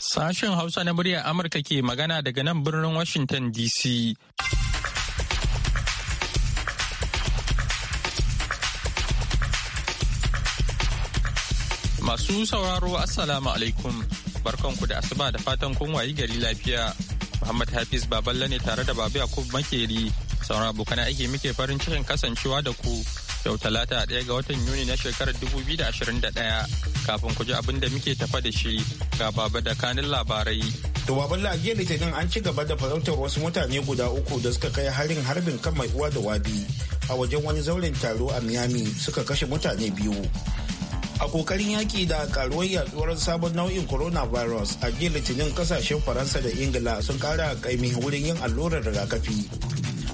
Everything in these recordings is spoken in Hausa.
Sashen Hausa na muryar Amurka ke magana daga nan birnin Washington DC. Masu sauraro Assalamu alaikum barkanku da asuba da fatan kun wayi gari lafiya. Muhammad Hafiz Baballe ne tare da Babu Yakub Makeri Sauran abokan aiki muke farin cikin kasancewa da ku yau talata ɗaya ga watan Yuni na shekarar da 2021 kafin ku ji abin da muke tafa da shi ga baba da kanin labarai. Da baban lagiya litinin an ci gaba da farautar wasu mutane guda uku da suka kai harin harbin kan mai uwa da wabi a wajen wani zauren taro a Miami suka kashe mutane biyu. a kokarin yaki da karuwar yaduwar sabon nau'in coronavirus a jiya litinin kasashen faransa da ingila sun kara kaimi wurin yin allurar rigakafi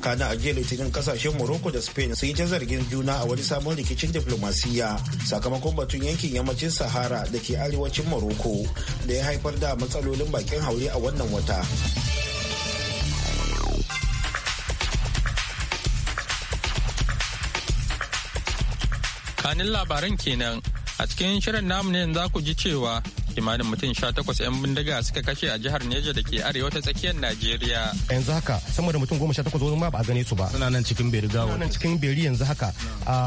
afirka a jiya litinin kasashen morocco da spain sun yi ta zargin juna a wani sabon rikicin diflomasiyya sakamakon batun yankin yammacin sahara da ke arewacin morocco da ya haifar da matsalolin bakin haure a wannan wata kanin labaran kenan a cikin shirin namu ne za ku ji cewa kimanin mutum sha takwas 'yan bindiga suka kashe a jihar Neja da ke arewa ta tsakiyar Najeriya. Yanzu haka sama da mutum goma sha takwas ma ba a gane su ba. Suna nan cikin beri gawa. Suna nan cikin beri yanzu haka.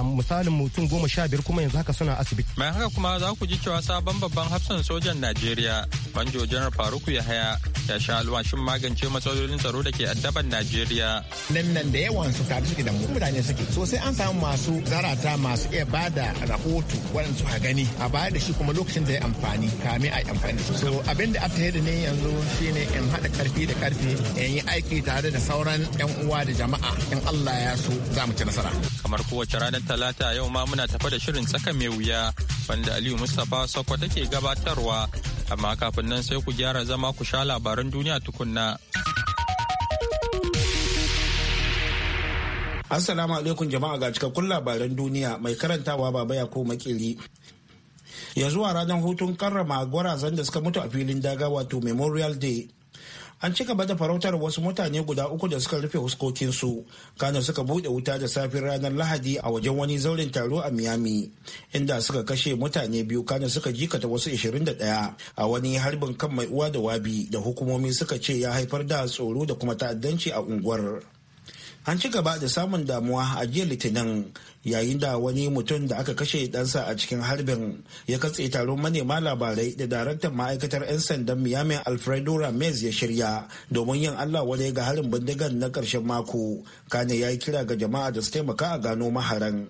Misalin mutum goma sha biyar kuma yanzu haka suna asibiti. Mai haka kuma za ku ji cewa sabon babban hafsan sojan Najeriya Banjo Janar Faruku Yahaya ya sha alwashin magance matsalolin tsaro da ke addaban Najeriya. Nan nan da yawan su kaji suke da mutane suke. So sai an samu masu zarata masu iya bada rahoto waɗansu a gani a baya da shi kuma lokacin da ya amfani ka sami a amfani so abin da aka da ne yanzu shine in haɗa karfi da karfi in yi aiki tare da sauran yan uwa da jama'a in Allah ya so za mu ci nasara kamar kowace ranar talata yau ma muna tafa da shirin tsaka mai wuya wanda Aliyu Mustapha Sokwa take gabatarwa amma kafin nan sai ku gyara zama ku sha labaran duniya tukunna Assalamu alaikum jama'a ga cikakkun labaran duniya mai karantawa baba ya ko makili ya zuwa ranar hutun karrama gwarazan da suka mutu a filin daga wato memorial day an ci gaba da farautar wasu mutane guda uku da suka rufe huskokinsu kana suka bude wuta da safin ranar lahadi a wajen wani zauren taro a miami inda suka kashe mutane biyu kana suka jikata wasu 21 a wani harbin kan mai uwa da wabi da hukumomi suka ce ya haifar da tsoro da kuma ta'addanci a unguwar an ci gaba da samun damuwa a jiya litinin yayin da wani mutum da aka kashe ɗansa a cikin harbin ya katse taron manema labarai da daraktan ma'aikatar 'yan sandan miami alfredo ramirez ya shirya domin yin allah wadai ga harin bindigan na ƙarshen mako kane ya yi kira ga jama'a da su taimaka a gano maharan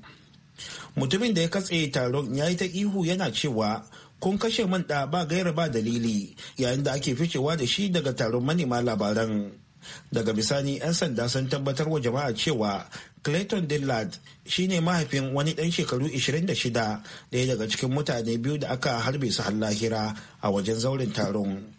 mutumin da ya katse taron ya yi ta ihu yana cewa kun kashe man da ba gaira ba dalili yayin da ake ficewa da shi daga taron manema labaran daga bisani 'yan sanda sun tabbatar wa jama'a cewa clayton dillard shine mahaifin wani ɗan shekaru 26 daya daga cikin mutane biyu da aka harbe su lahira a wajen zauren taron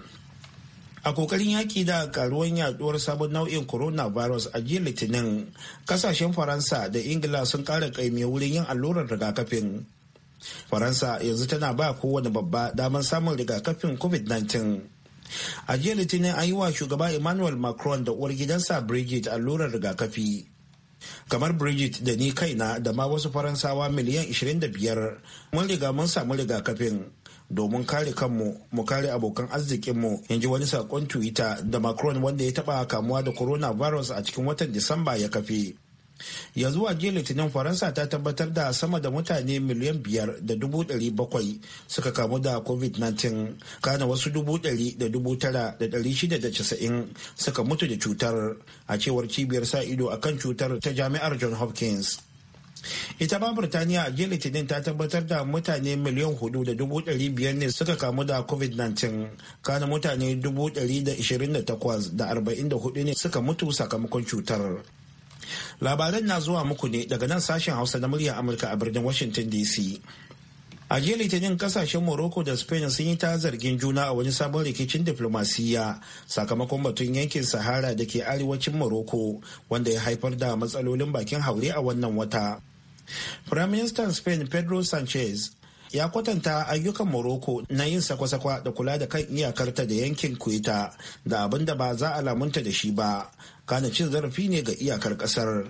a kokarin yaki da karuwan yaduwar sabon nau'in coronavirus a jiya litinin kasashen faransa da ingila sun kara kaimi wurin yin allurar rigakafin faransa yanzu tana ba kowane babba damar samun rigakafin covid-19 a jiya litinin an yi wa shugaba emmanuel macron da uwar gidansa brigitte allurar rigakafi kamar brigitte da ni kaina da ma wasu faransawa miliyan 25 mun riga mun samu rigakafin domin kare kanmu mu kare abokan arzikinmu in ji wani sakon twitter da macron wanda ya taba kamuwa da coronavirus a cikin watan disamba ya kafe yanzu a jiya litinin faransa ta tabbatar da sama da mutane miliyan biyar da dubu ɗari bakwai suka kamu da covid-19 kana wasu dubu ɗari da dubu tara da ɗari shida da casa'in suka mutu da cutar a cewar cibiyar sa ido akan cutar ta jami'ar john hopkins ita ma birtaniya a jiya litinin ta tabbatar da mutane miliyan hudu da dubu dari biyar ne suka kamu da covid-19 kana mutane dubu dari da ishirin da takwas da arba'in da hudu ne suka mutu sakamakon cutar Labaran na zuwa muku ne daga nan sashen Hausa na murya Amurka a birnin Washington DC. A jiya Litinin kasashen Morocco da Spain sun yi ta zargin juna a wani sabon rikicin diflomasiyya sakamakon batun yankin Sahara da ke arewacin Morocco wanda ya haifar da matsalolin bakin haure a wannan wata. Prime Minister Spain Pedro Sanchez ya kwatanta ayyukan Morocco na yin sakwa da kula da kan iyakarta da yankin Kuita da abin da ba za a lamunta da shi ba kana cin zarafi ne ga iyakar kasar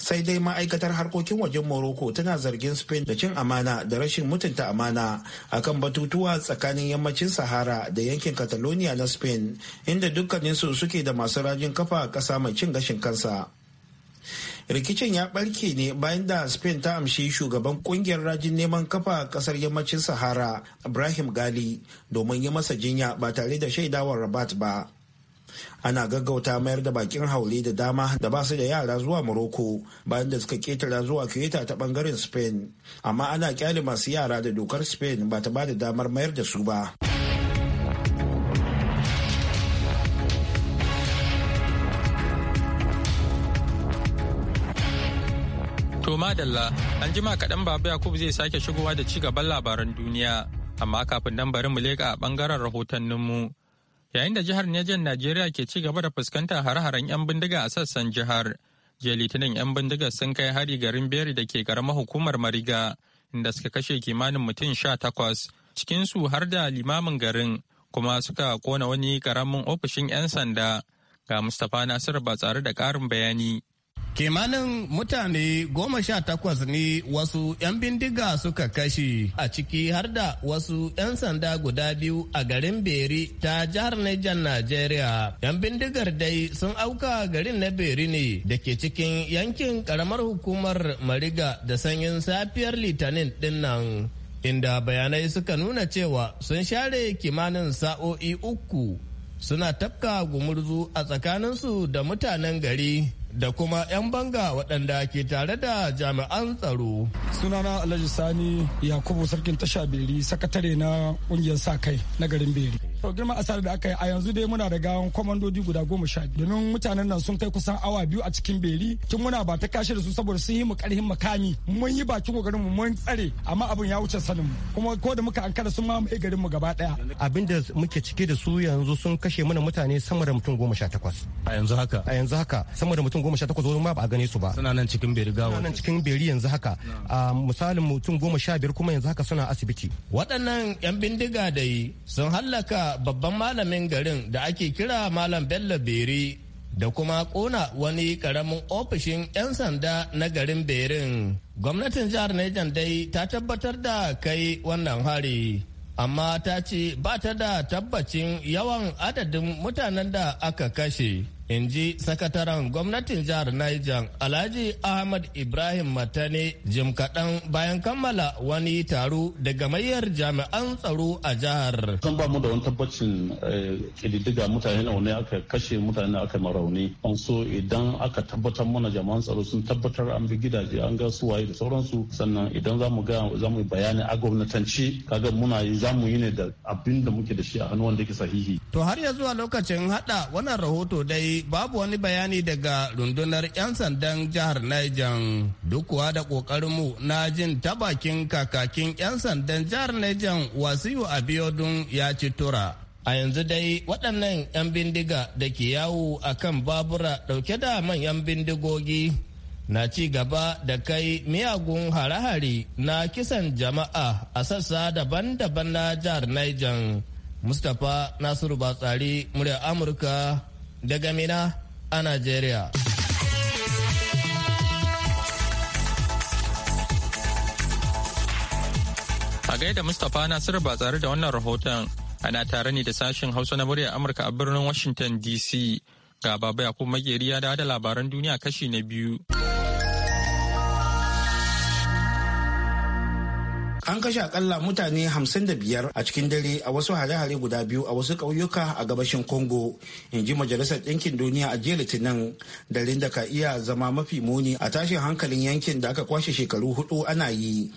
sai dai ma'aikatar harkokin wajen morocco tana zargin spain da cin amana da rashin mutunta amana akan batutuwa tsakanin yammacin sahara da yankin catalonia na spain inda dukkaninsu suke da masu rajin kafa kasa mai cin gashin kansa rikicin ya barke ne bayan da spain ta amshi shugaban kungiyar rajin neman kafa kasar yammacin sahara ibrahim gali domin yi masa jinya ba tare da shaidawar rabat ba ana gaggauta mayar da bakin haule da dama da ba su da yara zuwa morocco bayan da suka ketara zuwa kyoto ta bangaren spain amma ana kyale masu yara da dokar spain ba ta ba da damar mayar da su ba To madalla, an jima kaɗan babu Yakubu zai sake shigowa da ci gaban labaran duniya, amma kafin nan bari mu leƙa a ɓangaren rahotanninmu. Yayin da jihar Niger Najeriya ke ci gaba da fuskantar har-haren 'yan bindiga a sassan jihar. Jiya Litinin 'yan bindiga sun kai hari garin Beri da ke karamar hukumar Mariga, inda suka kashe kimanin mutum sha takwas, cikinsu har da limamin garin, kuma suka kona wani karamin ofishin 'yan sanda. Ga Mustapha nasiru ba tsare da ƙarin bayani. Kimanin mutane goma sha takwas ne wasu 'yan bindiga suka kashe a ciki har da wasu 'yan sanda guda biyu a garin Beri ta jihar Nijar Najeriya. 'Yan bindigar dai sun auka garin na Beri ne da ke cikin yankin karamar hukumar Mariga da sanyin safiyar Litinin dinnan. Inda bayanai suka nuna cewa sun share kimanin sa'o'i uku suna tafka gumurzu a tsakaninsu da mutanen gari. da kuma 'yan banga waɗanda ke tare da jami'an tsaro. Sunana Alhaji Sani Yakubu Sarkin Tasha Beri, sakatare na ƙungiyar sa kai na garin Beri. to girman asarar da aka yi a yanzu dai muna da gawan kwamandodi guda goma sha biyu domin mutanen nan sun kai kusan awa biyu a cikin beri tun muna ba ta kashe da su saboda sun yi mu karhin makami mun yi bakin kokarin mu mun tsare amma abin ya wuce sanin mu kuma ko da muka ankara sun mamaye garin mu gaba daya abin da muke cike da su yanzu sun kashe mana mutane sama da mutum goma sha takwas a yanzu haka a yanzu haka sama da mutum goma sha takwas wani ma ba a gane su ba suna nan cikin beri gawa suna nan cikin beri yanzu haka a misalin mutum goma sha biyar kuma yanzu haka suna asibiti waɗannan yan bindiga yi sun hallaka babban malamin garin da ake kira Malam Bello Beri da kuma kona wani karamin ofishin 'yan sanda na garin Berin. Gwamnatin jihar Niger dai ta tabbatar da kai wannan hari, amma ta ce ba ta da tabbacin yawan adadin mutanen da aka kashe. in ji sakataren gwamnatin jihar Niger Alhaji Ahmad Ibrahim Matane jim kaɗan bayan kammala wani taro da gamayyar jami'an tsaro a jihar. Kan ba mu da wani tabbacin kididdiga eh, mutane na wani aka kashe mutane aka marauni. An so idan aka tabbatar mana jami'an tsaro sun tabbatar an bi gidaje an ga su waye da sauransu sannan idan za mu ga za yi bayani a gwamnatanci kaga muna yi za mu yi ne da abin da muke da shi a hannu wanda ke sahihi. To har ya zuwa lokacin hada wannan rahoto dai babu wani bayani daga rundunar 'yan sandan jihar Niger duk kuwa da mu na jin ta bakin kakakin 'yan sandan jihar Niger wasiyu abiodun ya ci tura. A yanzu dai waɗannan 'yan bindiga da ke yawo a kan babura ɗauke da manyan bindigogi na ci gaba da kai miyagun hare-hare na kisan jama'a a sassa daban-daban na jihar Niger. Mustapha Nasiru Batsari, murya Amurka daga Mina a Najeriya. A gaida Mustapha Nasir ba tsare da wannan rahoton ana tare ne da sashen Hausa na murya Amurka a birnin Washington DC. Ga baba ya kuma mageriya da labaran duniya kashi na biyu. an kashe akalla mutane 55 a cikin dare a wasu hare-hare guda biyu a wasu ƙauyuka a gabashin congo in ji majalisar ɗinkin duniya a jiya litinin darin da ka iya zama mafi muni a tashin hankalin yankin da aka kwashe shekaru hudu ana yi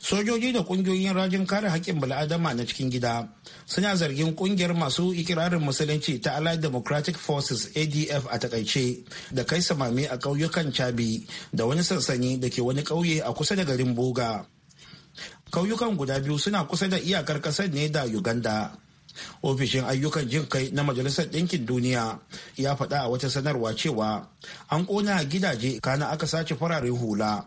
sojoji da kungiyoyin rajin kare haƙƙin bala'adama na cikin gida suna zargin kungiyar masu ikirarin musulunci ta allied democratic forces adf a takaice da kai samame a ƙauyukan chabi da wani sansani da ke wani ƙauye a kusa da garin boga kauyukan guda biyu suna kusa da iyakar kasar ne da uganda ofishin ayyukan jin kai na majalisar ɗinkin duniya ya faɗa a wata sanarwa cewa an ƙona gidaje kana aka sace fararen hula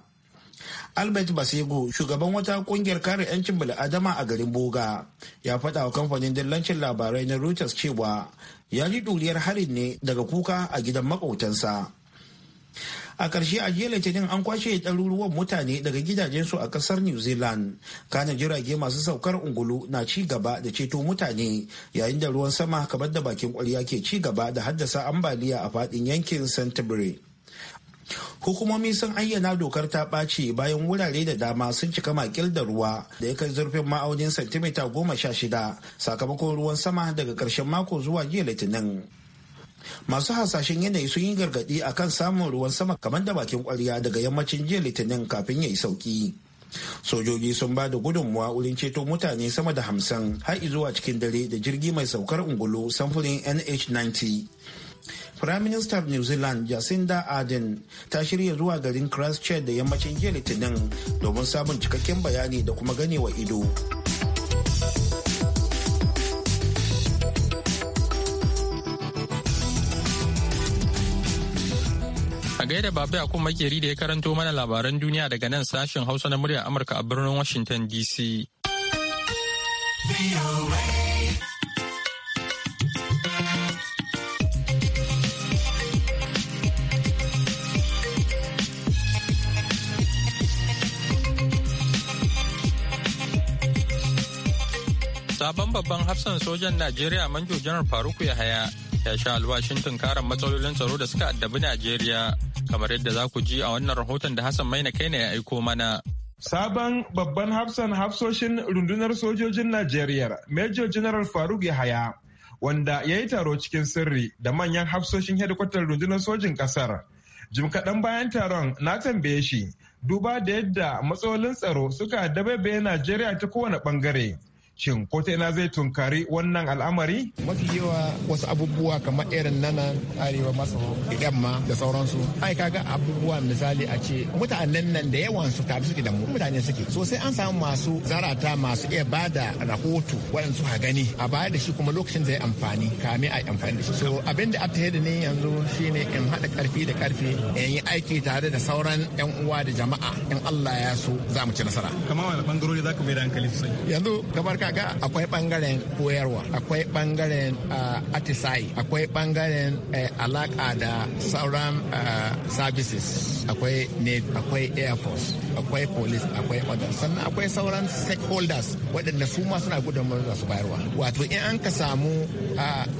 albert basego shugaban wata kungiyar kare 'yancin bil'adama a garin boga ya faɗa wa kamfanin dillancin labarai na reuters cewa ya ji ɗuriyar harin ne daga kuka a gidan maƙautansa a ƙarshe a jiya litinin an kwashe ɗaruruwan mutane daga gidajensu a ƙasar new zealand kanan jirage masu saukar ungulu na ci gaba da ceto mutane yayin da ruwan sama kamar da bakin kwarya ke ci gaba da haddasa ambaliya a faɗin yankin canterbury hukumomi sun ayyana dokar ta ɓaci bayan wurare da dama sun cika makil da ruwa da ya kai zurfin ma'aunin santimita goma sha shida sakamakon ruwan sama daga ƙarshen mako zuwa jiya litinin masu hasashen yanayi sun yi gargadi akan samun ruwan sama kamar da bakin kwarya daga yammacin jiya litinin kafin ya yi sauki sojoji sun ba da gudunmuwa wurin ceto mutane sama da hamsin har zuwa cikin dare da jirgi mai saukar ungulu samfurin nh90 Prime Minister New Zealand Jacinda Ardern ta shirya zuwa garin Christchurch da yammacin jiya Litinin domin samun cikakken bayani da kuma ganewa ido. A gaida babu ya makeri da ya karanto mana labaran duniya daga nan sashen Hausa na murya Amurka a birnin Washington DC. Sabon babban hafsan sojan Najeriya Manjo Janar Faruku Yahaya ya sha alwashin tunkarar matsalolin tsaro da suka addabi Najeriya. kamar yadda za ku ji a wannan rahoton da Hassan Maina kai ne ya aiko mana. Sabon babban hafsan hafsoshin rundunar sojojin Najeriya, Major General Faruk Yahaya, wanda ya yi taro cikin sirri da manyan hafsoshin hedikwatar rundunar sojin kasar Jim kaɗan bayan taron na tambaye shi, duba da yadda matsalolin tsaro suka dabaibaye Najeriya ta kowane ɓangare. Shin ko ta ina zai tunkari wannan al'amari? Mafi yawa wasu abubuwa kamar irin nana arewa maso yamma da sauransu. Ai kaga abubuwa misali a ce mutanen nan da yawan su tabi suke da mu mutane suke. So sai an samu masu zarata masu iya bada rahoto waɗansu ha gani a baya da shi kuma lokacin zai amfani kame a amfani da shi. So abin da aka da ne yanzu shine in haɗa karfi da karfi in yi aiki tare da sauran 'yan uwa da jama'a in Allah ya so za mu ci nasara. Kamar wani bangarori za ka mai da hankali sosai. Yanzu kamar kaga akwai bangaren koyarwa akwai bangaren uh, atisa'i akwai bangaren eh, alaka da sauran uh, services akwai navy akwai air force akwai police akwai order sannan akwai sauran stakeholders waɗanda su ma suna gudanar da su bayarwa wato in an ka samu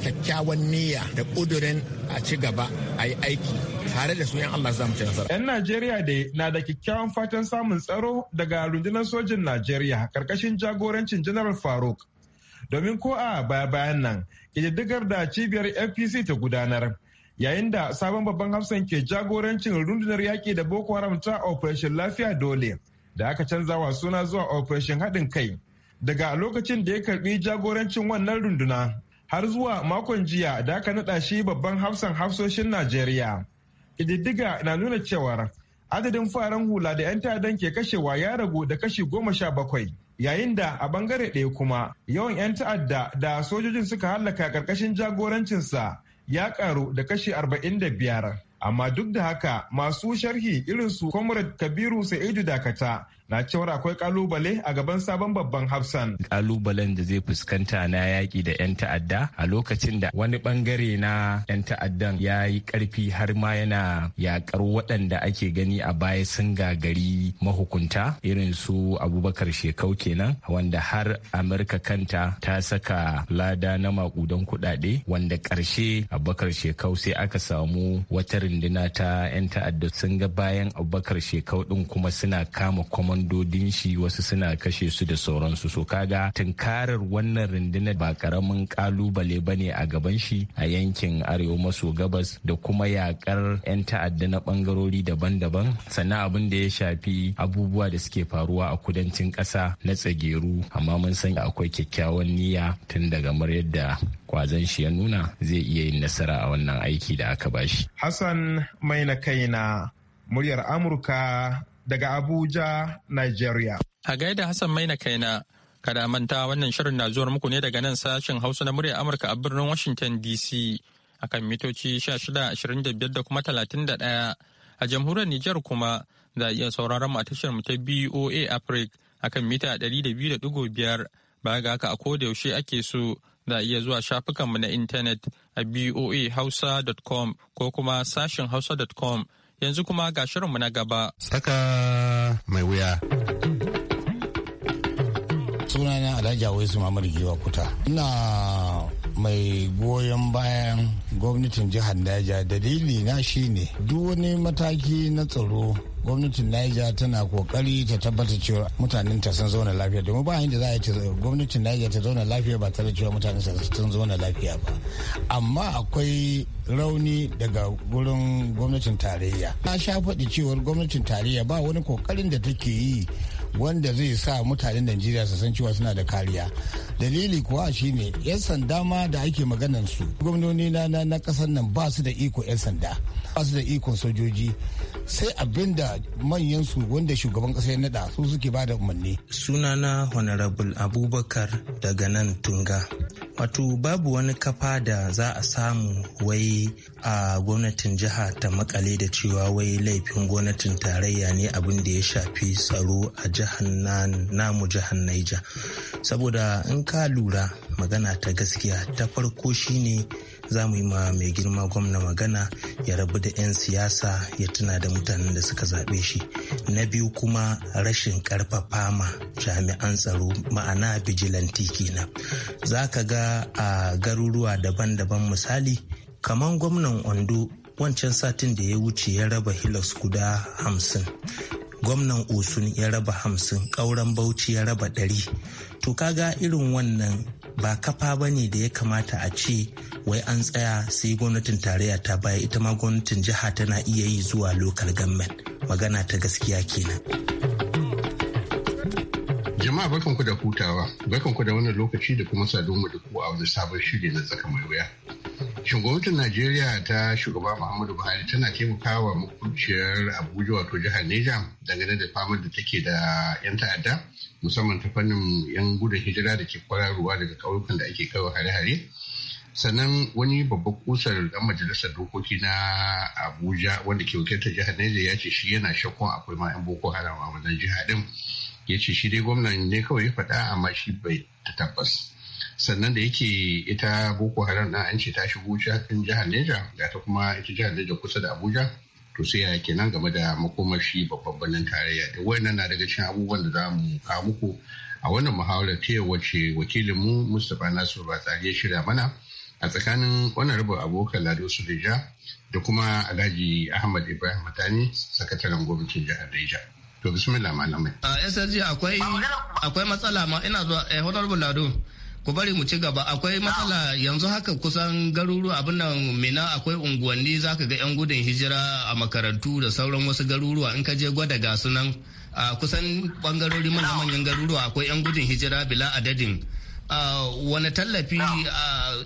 kyakkyawan niyya da ƙudurin a ci gaba a yi aiki tare da su yan Allah za mu ci nasara. 'Yan Najeriya da na da kyakkyawan fatan samun tsaro daga rundunar sojin Najeriya karkashin jagorancin General Faruk. Domin ko a baya bayan nan, ƙididdigar da cibiyar FPC ta gudanar yayin da sabon babban hafsan ke jagorancin rundunar yaƙi da boko haram ta operation lafiya dole da aka canza wa suna zuwa operation haɗin kai daga lokacin da ya karbi jagorancin wannan runduna har zuwa makon jiya da aka naɗa shi babban hafsan hafsoshin najeriya ƙididdiga na nuna cewar adadin faran hula da 'yan ta'addan ke kashewa ya ragu da kashi goma sha bakwai yayin da a bangare ɗaya kuma yawan 'yan ta'adda da sojojin suka hallaka ƙarƙashin jagorancinsa ya karu da kashi 45 amma duk da haka masu sharhi irin su comrade kabiru sa'idu dakata na cewar akwai kalubale a gaban sabon babban hafsan. Kalubalen da zai fuskanta na yaƙi da 'yan ta'adda a lokacin da wani bangare na 'yan ta'addan ya yi ƙarfi har ma yana yaƙar waɗanda ake gani a baya sun gagari mahukunta irin su abubakar shekau kenan wanda har amurka kanta ta saka lada na maƙudan kuɗaɗe wanda ƙarshe abubakar shekau sai aka samu wata rinduna ta 'yan ta'adda sun ga bayan abubakar shekau ɗin kuma suna kama kwamon kwamandodin shi wasu suna kashe su da sauransu so kaga tunkarar wannan rundunar ba karamin kalubale ba ne a gaban shi a yankin arewa maso gabas da kuma yakar 'yan ta'adda na bangarori daban-daban sannan abin da ya shafi abubuwa da suke faruwa a kudancin ƙasa na tsageru amma mun san akwai kyakkyawan niyya tun daga mar yadda kwazon shi ya nuna zai iya yin nasara a wannan aiki da aka bashi. Hassan mai na kai na muryar Amurka daga Abuja, Nigeria. A gaida Hassan na kaina, kada manta wannan shirin na zuwa muku ne daga nan sashen Hausa na muryar Amurka a birnin Washington DC kan mitoci 1625 da kuma 31 a jamhuriyar Nijar kuma za a iya sauraron mu a tashar mu ta BOA Africa akan mita 200.5 baya ga haka a koda yaushe ake so za a iya zuwa shafukanmu na intanet a boa boahausa.com ko kuma sashen hausa.com Yanzu kuma ga shirinmu na gaba. Saka mai wuya. sunana alhaji awaisu Mamadu giwa kuta ina mai goyon bayan gwamnatin jihar Niger dalili na shine duk wani mataki na tsaro gwamnatin Niger tana kokari ta tabbata cewa mutanen ta sun zauna lafiya domin ba inda za a ce gwamnatin Niger ta zauna lafiya ba tare cewa mutanen sun zauna lafiya ba amma akwai rauni daga gurin gwamnatin tarayya na sha faɗi cewar gwamnatin tarayya ba wani kokarin da take yi wanda zai sa mutanen najeriya su san cewa suna da kariya dalili kuwa shine yan sanda ma da ake maganan su gwamnoni na na kasar nan ba su da iko yan sanda ba su da ikon sojoji sai abin da manyan su wanda shugaban kasa ya nada su suke ba da umarni sunana honorable abubakar daga nan tunga wato babu wani kafa da za a samu wai a gwamnatin jiha ta makale da cewa wai laifin gwamnatin tarayya ne abin da ya shafi tsaro a namu jihar Naija. Saboda in ka lura magana ta gaskiya ta farko shine za mu yi ma mai girma gwamna magana ya rabu da 'yan siyasa ya tuna da mutanen da suka zaɓe shi. Na biyu kuma rashin karfafa ma jami'an tsaro ma'ana bijilanti kenan. Za ka ga a garuruwa daban-daban misali kamar gwamnan Ondo wancan satin da ya wuce ya raba hilas guda hamsin gwamnan osun ya raba hamsin ƙauren bauchi ya raba ɗari to kaga irin wannan ba kafa ba ne da ya kamata a ce wai an tsaya sai gwamnatin tarayya ta baya ita ma gwamnatin jiha tana iya yi zuwa local government magana ta gaskiya kenan jama'a ku da hutawa ku da wannan lokaci da kuma saduwa da ku a wani sabon shiri na tsaka mai wuya shin gwamnatin najeriya ta shugaba muhammadu buhari tana taimakawa makwabciyar abuja wato jihar neja dangane da famar da take da yan ta'adda musamman ta fannin yan gudun hijira da ke kwararruwa daga kauyukan da ake kawo hare-hare sannan wani babban kusar dan majalisar dokoki na abuja wanda ke wakiltar jihar neja ya ce shi yana shakkun akwai ma 'yan boko haram a wannan jiha din ya ce shi dai gwamnan ne kawai ya faɗa amma shi bai ta tabbas sannan da yake ita boko haram na an ce ta shigo cikin jihar neja ga ta kuma ita jihar neja kusa da abuja to sai ya kenan game da makomashi babban birnin tarayya da wannan na daga cikin abubuwan da za mu kawo muku a wannan muhawarar ta wace mu mustapha nasiru ba tsari shirya mana a tsakanin honorable abokan lado suleja da kuma alhaji ahmad ibrahim matani sakataren gwamnatin jihar neja to bismillah malamai a ssg akwai matsala ma ina zuwa eh, honorable lado ku bari mu ci gaba akwai matsala yanzu haka kusan garuruwa abin nan mina akwai unguwanni za ka ga 'yan gudun hijira a makarantu da sauran wasu garuruwa in ka je gwada ga sunan a kusan bangarori manyan garuruwa akwai 'yan gudun hijira bila adadin wani tallafi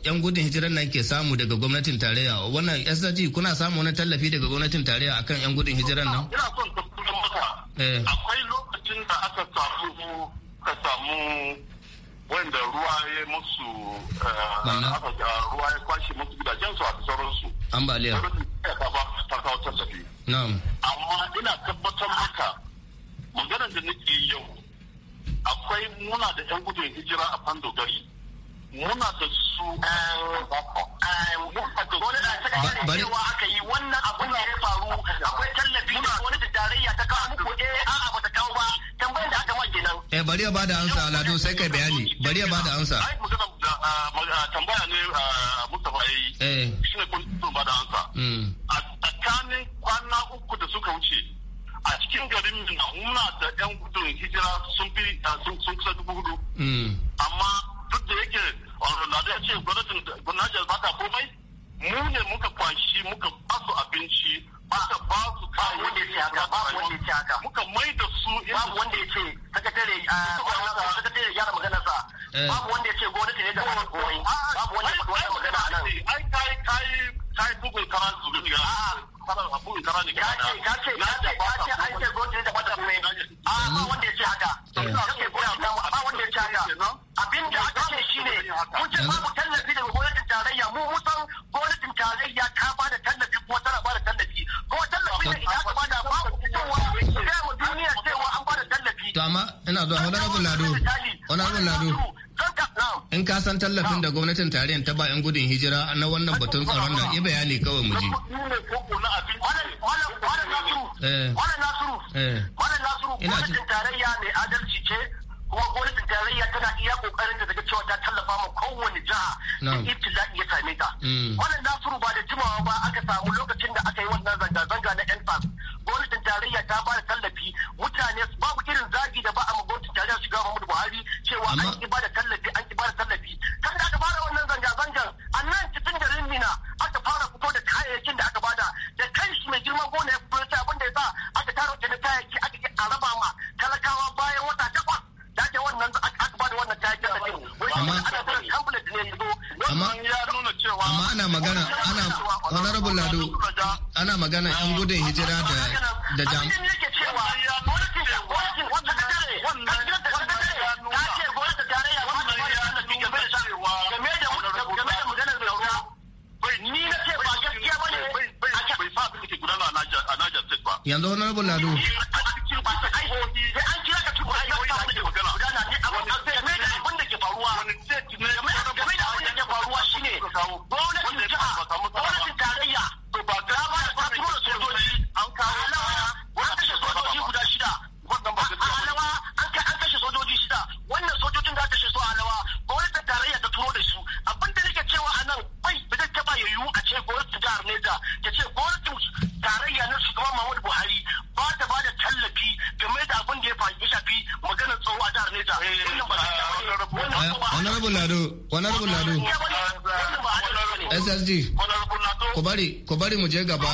yan gudun hijirar nan ke samu daga gwamnatin tarayya wannan sg kuna samu wani tallafi daga gwamnatin tarayya akan yan gudun hijirar nan eh. akwai lokacin da aka samu wanda ruwa ya musu eh, ruwa ya kwashe musu gidajensu a sauransu ambaliya amma ina tabbatar maka maganar da nake yau akwai muna da yan gudun hijira a fando gari muna da su eh, eh, da aka yi bari ya bada ansa alado sai kai bayani bari ya bada ansa ai magana ah, ah, tambaya ne ah, Mustafa yayi eh. shine kun bada ansa hmm. a tsakanin kwana uku da suka wuce a cikin garin na muna da yan gudun hijira sun fi sun kusa dubu hudu hmm. amma duk da yake Lado ya ce gwamnatin gwamnatin ba ta komai mu ne muka kwashi muka basu abinci ba ta ba su kayan wanda ya ce haka ba wanda ya ce haka muka mai da su babu wanda ya ce sakatare a wannan sakatare gyara magana sa eh. babu wanda ya ce gwamnati ne da ba ah, babu wanda ya faɗi wannan a nan ai kai kai kai bugun karan su ah. ne a bugun karan ne ka ce ka ce ka ce an ce gwamnati ne da ba komai a ba wanda ya ce haka ba eh. wanda ya ce haka abinda aka ce shine mun ce mm-hmm. babu tallafi daga Malam Lado. In ka san tallafin da gwamnatin tarayyar ta ba 'yan gudun hijira na wannan batun tsaron da ya bayani kawai mu eh. Eh. ji. gwamnatin tarayya mai adalci ce kuma gwamnatin tarayya tana iya kokarin da daga cewa ta tallafa ma kowane jiha da ibtila'i ya same ta. Wannan mm. Nasiru ba da jimawa ba amma amma amma ana magana ana honorable lado ana magana yan gudun hijira da da jam Yanzu honorable lado. honorable lado honorable lado ssd Kobari, Kobari mu je gaba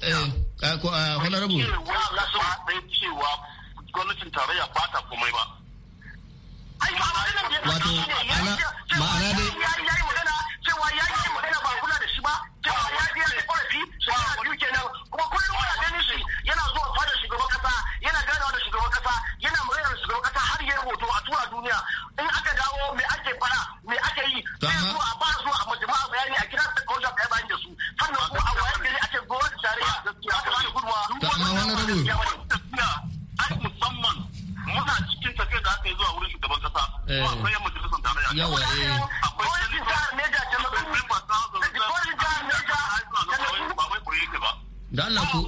eh, eh honorable gwamnatin tarayya wato ma'ana dai da Allah ku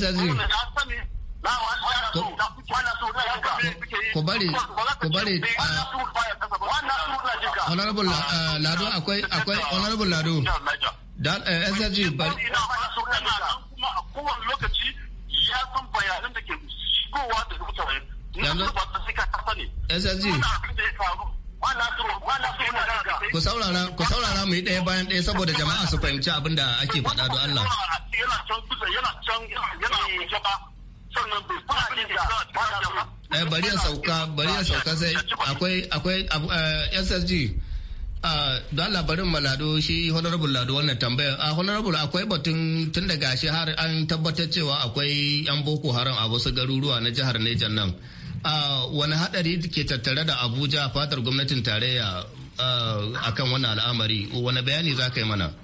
SSU. Ku bari, ku bari. Honorable Lado akwai, akwai Honorable Lado. Dan saurara, ku saurara mu yi ɗaya bayan ɗaya saboda jama'a su fahimci abin da ake faɗa don Allah. bari ya sauka bari ya sauka sai akwai akwai eh, SSG ah, don labarin malado shi honorable lado wannan tambaya a ah, honorable akwai batun tun da gashi har an tabbatar cewa akwai yan boko haram a wasu garuruwa na jihar Niger nan ah, wani hadari ke tattare da abuja fatar gwamnatin tarayya akan wannan al'amari wani bayani za ka yi mana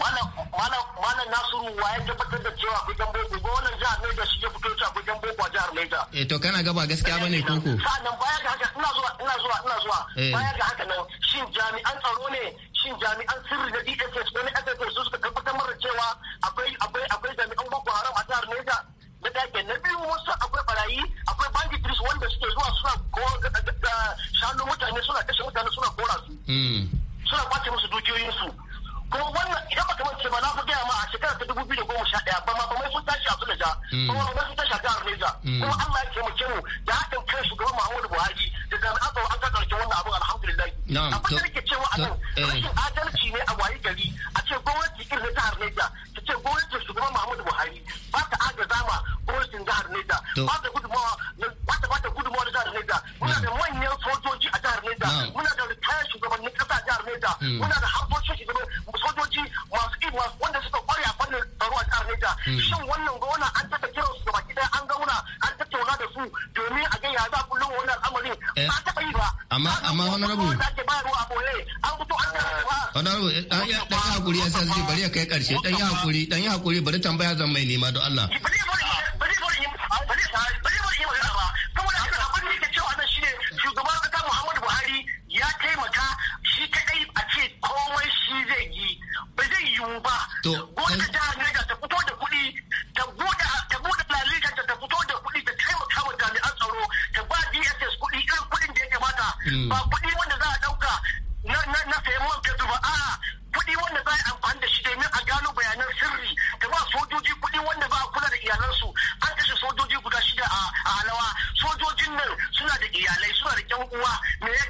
malam nasiru wa ya tabbatar da cewa akwai dan boko ba wannan jihar Niger shi ya fito cewa akwai dan boko a jihar Niger eh to kana gaba gaskiya bane eh, koko sannan baya ga haka ina zuwa ina zuwa ina zuwa eh. baya ga haka nan shin jami'an tsaro ne shin jami'an sirri da DSS ko ne SSS su suka tabbatar mana cewa akwai akwai akwai jami'an boko haram a jihar Niger na dake na biyu mun akwai barayi akwai banditries wanda suke zuwa suna shanu mutane suna kashe mutane suna kora su hmm. suna kwace musu dukiyoyinsu kuma wannan idan baka ce ba na fi gaya ma a shekara ta dubu biyu da goma sha ɗaya ba ma ba sun tashi a Suleja hmm. ba ma ba sun tashi a jihar Neja hmm. kuma Allah ya taimake mu da haɗin kan shugaban Muhammadu Buhari da jami'an tsaro an ka ƙarshen wannan abin alhamdulillah abin da nake cewa a nan eh. rashin adalci ne a wayi gari a ce gwamnati irin jihar Neja ta ce gwamnatin shugaban Muhammadu Buhari ba ta agaza ma gwamnatin jihar Neja ba ta gudunmawa ba ta ba ta gudunmawa da jihar Neja muna da hmm. manyan sojoji a jihar Neja muna da ritayen shugabannin ƙasa a jihar Neja muna da harkokin hakuri ya sa zai bari ya kai karshe dan yi hakuri dan yi hakuri bari tambaya zan mai nema don Allah to ta buɗe ta ta fito da kuɗi ta taimaka wa jami'an tsaro ta ba DSS kuɗi kuɗin ya kamata hmm. ba kuɗi wanda za a ɗauka na sayan man ba a'a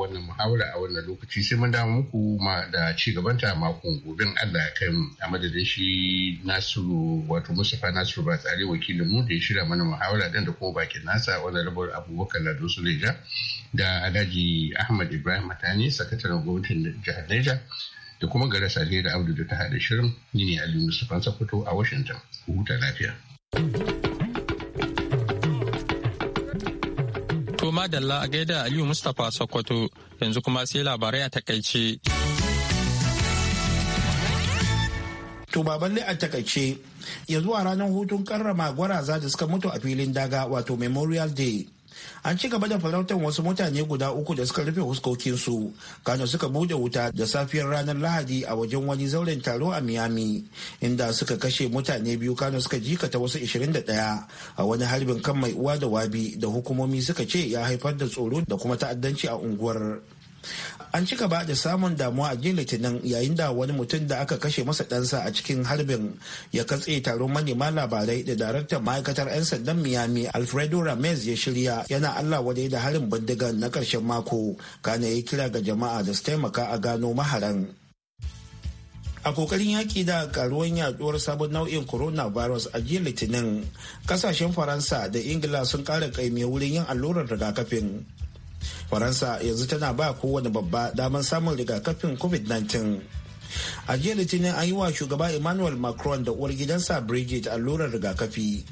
wannan muhawara a wannan lokaci sai mun dawo muku ma da ci gabanta makon gobe Allah ya kai mu a madadin shi Nasiru wato mustafa Nasiru ba tsare wakilin mu da ya shirya mana muhawara dan da kuma bakin nasa wannan rabar Abubakar Lado Suleja da Alhaji Ahmad Ibrahim Matani sakataren gwamnatin jihar Niger da kuma gare Sale da Abdu da ta hada shirin ni ne Ali Mustafa Sokoto a Washington. Huta lafiya. To madalla a gaida Aliyu Mustapha Sokoto yanzu kuma sai labarai a takaice. To baballe a takaice ya zuwa ranar hutun karrama gwaraza da suka mutu a filin daga wato Memorial Day. an ci gaba da farautar wasu mutane guda uku da suka rufe huskokinsu kano suka bude wuta da safiyar ranar lahadi a wajen wani zauren taro a miami inda suka kashe mutane biyu kano suka jikata wasu 21 a wani harbin kan mai uwa da wabi da hukumomi suka ce ya haifar da tsoro da kuma ta'addanci a unguwar an cika ba da samun damuwa a jin litinin yayin da wani mutum da aka kashe masa ɗansa a cikin harbin ya katse taron manema labarai da daraktan ma'aikatar 'yan sandan miami alfredo ramirez ya shirya yana allah wadai da harin bindigan na ƙarshen mako kana ya kira ga jama'a da su taimaka a gano maharan a kokarin yaki da karuwan yaduwar sabon nau'in coronavirus a jiya litinin kasashen faransa da ingila sun ƙara kaime wurin yin allurar rigakafin faransa yanzu tana ba kowane babba damar samun rigakafin covid-19 a jiya litinin an yi wa shugaba emmanuel macron da uwar gidansa brigid allurar rigakafi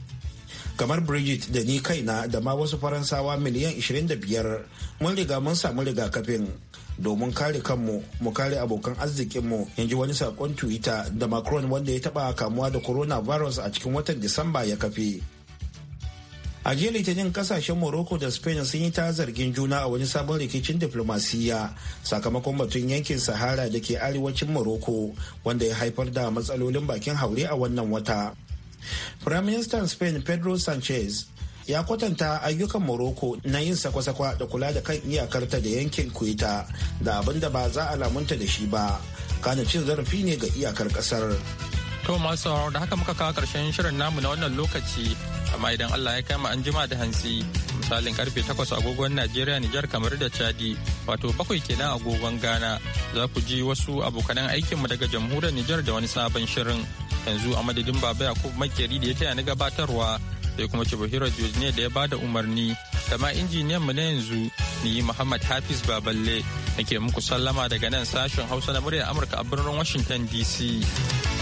kamar brigitte da ni kaina da ma wasu faransawa miliyan 25 mun riga mun samu rigakafin domin kare kanmu mu kare abokan arzikinmu in ji wani sakon twitter da macron wanda ya taɓa kamuwa da coronavirus a cikin watan disamba ya kafe a jiya litinin kasashen morocco da spain sun yi ta zargin juna a wani sabon rikicin diflomasiyya sakamakon batun yankin sahara da ke arewacin morocco wanda ya haifar da matsalolin bakin haure a wannan wata prime minister spain pedro sanchez ya kwatanta ayyukan morocco na yin sakwasakwa da kula da kan iyakarta da yankin kuita da abin da ba za a lamunta da shi ba kana cin zarafi ne ga iyakar kasar To masu sauraro da haka muka kawo karshen shirin namu na wannan lokaci amma idan Allah ya kama an jima da hansi misalin karfe 8 agogon Najeriya Nijar kamar da Chadi wato bakwai kenan agogon Ghana za ku ji wasu abokanan aikinmu daga jamhuriyar Nijar da wani sabon shirin yanzu a madadin Baba Yakubu Makeri da ya taya ni gabatarwa sai kuma Chibahiro ne da ya bada umarni kama injiniyan mu na yanzu ni Muhammad Hafiz Baballe nake muku sallama daga nan sashen Hausa na muryar Amurka a birnin Washington DC.